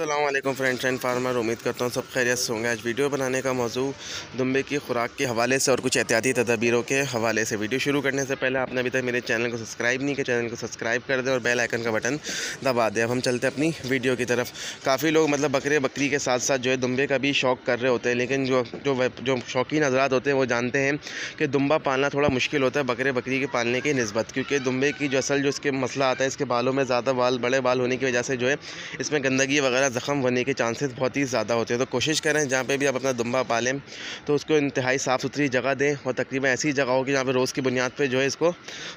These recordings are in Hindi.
असलम फ्रेंड्स एंड फार्मर उम्मीद करता हूँ सब खैरियत होंगे आज वीडियो बनाने का मौजू दुम्बे की खुराक के हवाले से और कुछ एहतियाती तदबीरों के हवाले से वीडियो शुरू करने से पहले आपने अभी तक मेरे चैनल को सब्सक्राइब नहीं किया चैनल को सब्सक्राइब कर दें और बेल आइकन का बटन दबा दें अब हम चलते हैं अपनी वीडियो की तरफ काफ़ी लोग मतलब बकरे बकरी के साथ साथ जो है दुम्बे का भी शौक कर रहे होते हैं लेकिन जो जो जो शौकीन हजरात होते हैं वो जानते हैं कि दुम्बा पालना थोड़ा मुश्किल होता है बकरे बकरी के पालने की नस्बत क्योंकि दुम्बे की जो असल जो इसके मसला आता है इसके बालों में ज़्यादा बाल बड़े बाल होने की वजह से जो है इसमें गंदगी वगैरह ज़ख़म होने के चांसेस बहुत ही ज़्यादा होते हैं तो कोशिश करें जहाँ पे भी आप अपना दुम्बा पालें तो उसको इंतहाई साफ़ सुथरी जगह दें और तकरीबन ऐसी जगह हो कि जहाँ पर रोज़ की बुनियाद पर जो है इसको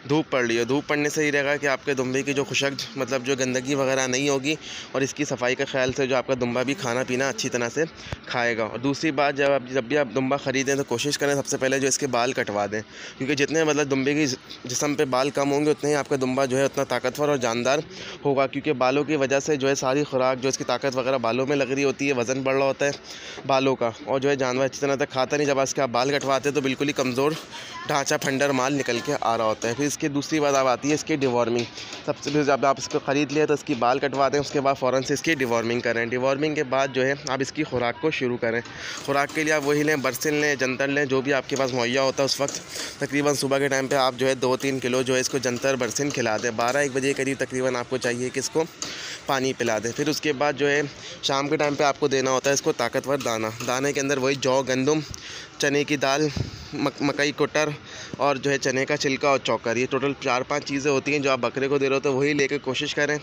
धूप पड़ रही हो धूप पड़ने से ही रहेगा कि आपके दुम्बे की जो खुशक मतलब जो गंदगी वगैरह नहीं होगी और इसकी सफाई के ख्याल से जो आपका दुम्बा भी खाना पीना अच्छी तरह से खाएगा और दूसरी बात जब आप जब भी आप दुम्बा ख़रीदें तो कोशिश करें सबसे पहले जो इसके बाल कटवा दें क्योंकि जितने मतलब दुम्बे की जिसम पर बाल कम होंगे उतने ही आपका दुम्बा जो है उतना ताकतवर और जानदार होगा क्योंकि बालों की वजह से जो है सारी खुराक जो इसकी ताकत ताकत वगैरह बालों में लग रही होती है वज़न बढ़ रहा होता है बालों का और जो है जानवर अच्छी तरह तक खाता नहीं जब इसके आप बाल कटवाते हैं तो बिल्कुल ही कमज़ोर ढांचा फंडर माल निकल के आ रहा होता है फिर इसकी दूसरी बात अब आती है इसकी डिवॉर्मिंग सबसे फिर जब आप इसको ख़रीद लिया तो इसकी बाल कटवा दें उसके बाद फ़ौरन से इसकी डिवॉर्मिंग करें डिवॉर्मिंग के बाद जो है आप इसकी खुराक को शुरू करें खुराक के लिए आप वही लें बरसिन लें जंतर लें जो भी आपके पास मुहैया होता है उस वक्त तकरीबन सुबह के टाइम पर आप जो है दो तीन किलो जो है इसको जंतर बरसिन खिला दें बारह एक बजे करीब तकरीबन आपको चाहिए कि इसको पानी पिला दें फिर उसके बाद जो है शाम के टाइम पे आपको देना होता है इसको ताकतवर दाना दाने के अंदर वही जौ गंदम चने की दाल मक, मकई कोटर और जो है चने का छिलका और चौकर ये टोटल चार पांच चीज़ें होती हैं जो आप बकरे को दे रहे हो तो वही लेकर कोशिश करें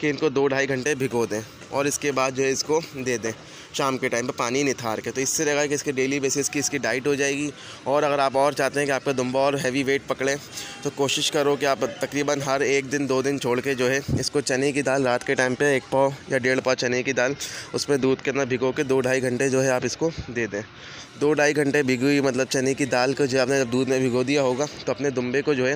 कि इनको दो ढाई घंटे भिगो दें और इसके बाद जो है इसको दे दें शाम के टाइम पर पानी निथार के तो इससे रहेगा कि इसके डेली बेसिस की इसकी डाइट हो जाएगी और अगर आप और चाहते हैं कि आपका दुम्बा और हैवी वेट पकड़ें तो कोशिश करो कि आप तकरीबन हर एक दिन दो दिन छोड़ के जो है इसको चने की दाल रात के टाइम पर एक पाव या डेढ़ पाव चने की दाल उसमें दूध के अंदर भिगो के दो ढाई घंटे जो है आप इसको दे दें दो ढाई घंटे भिगी हुई मतलब चने की दाल को जो आपने जब दूध में भिगो दिया होगा तो अपने दुम्बे को जो है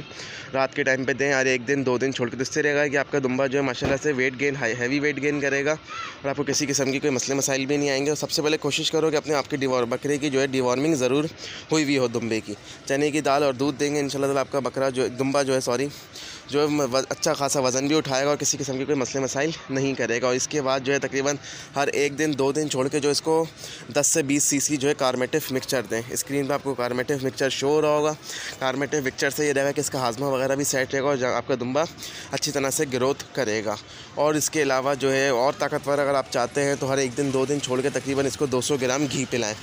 रात के टाइम पे दें यार एक दिन दो दिन छोड़ के तो इससे रहेगा कि आपका दुम्बा जो है माशाल्लाह से weight gain high heavy weight gain करेगा और आपको किसी किस्म की कोई मसले मसाइल भी नहीं आएंगे और सबसे पहले कोशिश करो कि अपने आपके डिवॉर बकरे की जो है डिवॉर्मिंग ज़रूर हुई हुई हो दुम्बे की चने की दाल और दूध देंगे इन शाला आपका बकरा जो दुम्बा जो है सॉरी जो है अच्छा खासा वज़न भी उठाएगा और किसी किस्म के कोई मसले मसाइल नहीं करेगा और इसके बाद जो है तकरीबन हर एक दिन दो दिन छोड़ के जो इसको दस से बीस सी जो है कारमेटिव मिक्सचर दें स्क्रीन पर आपको कारमेटिव कार्मेटिव मिक्सचर शो हो रहा होगा कार्मेटिव मिक्सचर से ये रहेगा कि इसका हाजमा वगैरह भी सेट रहेगा और आपका दुम्बा अच्छी तरह से ग्रोथ करेगा और इसके अलावा जो है और ताकतवर अगर आप चाहते हैं तो हर एक दिन दो दिन छोड़ के तकरीबन इसको 200 ग्राम घी पिलाएं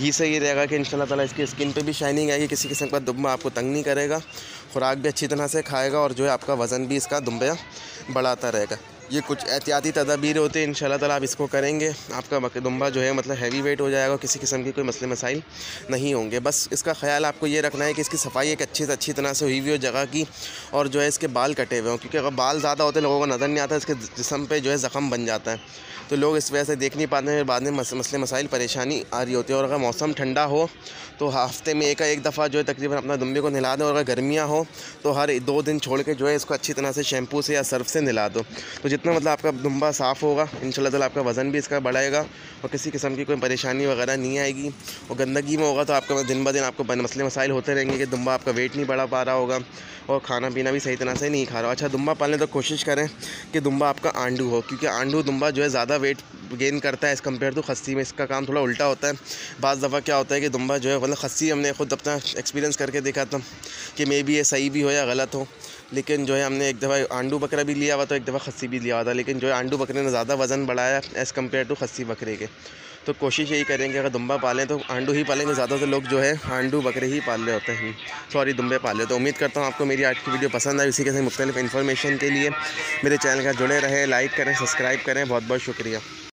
घी से ये रहेगा कि इन शाला इसकी स्किन पर भी शाइनिंग आएगी किसी किस्म का दुम्बा आपको तंग नहीं करेगा खुराक भी अच्छी तरह से खाएगा और जो है आपका वज़न भी इसका दुम्बया बढ़ाता रहेगा ये कुछ एहतियाती तदाबीर होते हैं इन ताला आप इसको करेंगे आपका दुम्बा जो है मतलब हैवी वेट हो जाएगा किसी किस्म के कोई मसले मसाइल नहीं होंगे बस इसका ख्याल आपको ये रखना है कि इसकी सफाई एक अच्छी से अच्छी तरह से हुई हुई हो जगह की और जो है इसके बाल कटे हुए हों क्योंकि अगर बाल ज़्यादा होते लोगों को नज़र नहीं आता इसके जिसम पर जो है ज़ख़म बन जाता है तो लोग इस वजह से देख नहीं पाते हैं बाद में मसले मसाइल परेशानी आ रही होती है और अगर मौसम ठंडा हो तो हफ्ते में एक एक दफ़ा जो है तकरीबन अपना दुम्बे को नहला दें और अगर गर्मियाँ हो तो हर दो दिन छोड़ के जो है इसको अच्छी तरह से शैम्पू से या सर्फ से नहला दो तो जितना मतलब आपका दुम्बा साफ़ होगा इन तक आपका वज़न भी इसका बढ़ाएगा और किसी किस्म की कोई परेशानी वगैरह नहीं आएगी और गंदगी में होगा तो आपका मतलब दिन ब दिन आपको मसले मसाइल होते रहेंगे कि दुम्बा आपका वेट नहीं बढ़ा पा रहा होगा और खाना पीना भी सही तरह से नहीं खा रहा अच्छा दुम्बा पालने तो कोशिश करें कि दुम्बा आपका आंडू हो क्योंकि आंडू दुम्बा जो है ज़्यादा वेट गेन करता है एज़ कम्पेयर टू खस्सी में इसका काम थोड़ा उल्टा होता है बाद दफ़ा क्या होता है कि दुम्बा जो है मतलब खस्सी हमने खुद अपना एक्सपीरियंस करके देखा था कि मे बी ये सही भी हो या गलत हो लेकिन जो है हमने एक दफ़ा आंडू बकरा भी लिया हुआ था एक दफ़ा खस्सी भी लिया हुआ था लेकिन जो है आंडू बकरे ने ज़्यादा वज़न बढ़ाया एज़ कम्पेयर टू खस्सी बकरे के तो कोशिश यही करेंगे अगर दुम्बा पालें तो आंडू ही पालेंगे ज़्यादातर लोग जो है आंडू बकरे ही पाल रहे होते हैं सॉरी दुम्बे पाल रहे तो उम्मीद करता हूँ आपको मेरी आज की वीडियो पसंद आई इसी के साथ मुख्तलिफ इन्फॉर्मेशन के लिए मेरे चैनल का जुड़े रहें लाइक करें सब्सक्राइब करें बहुत बहुत शुक्रिया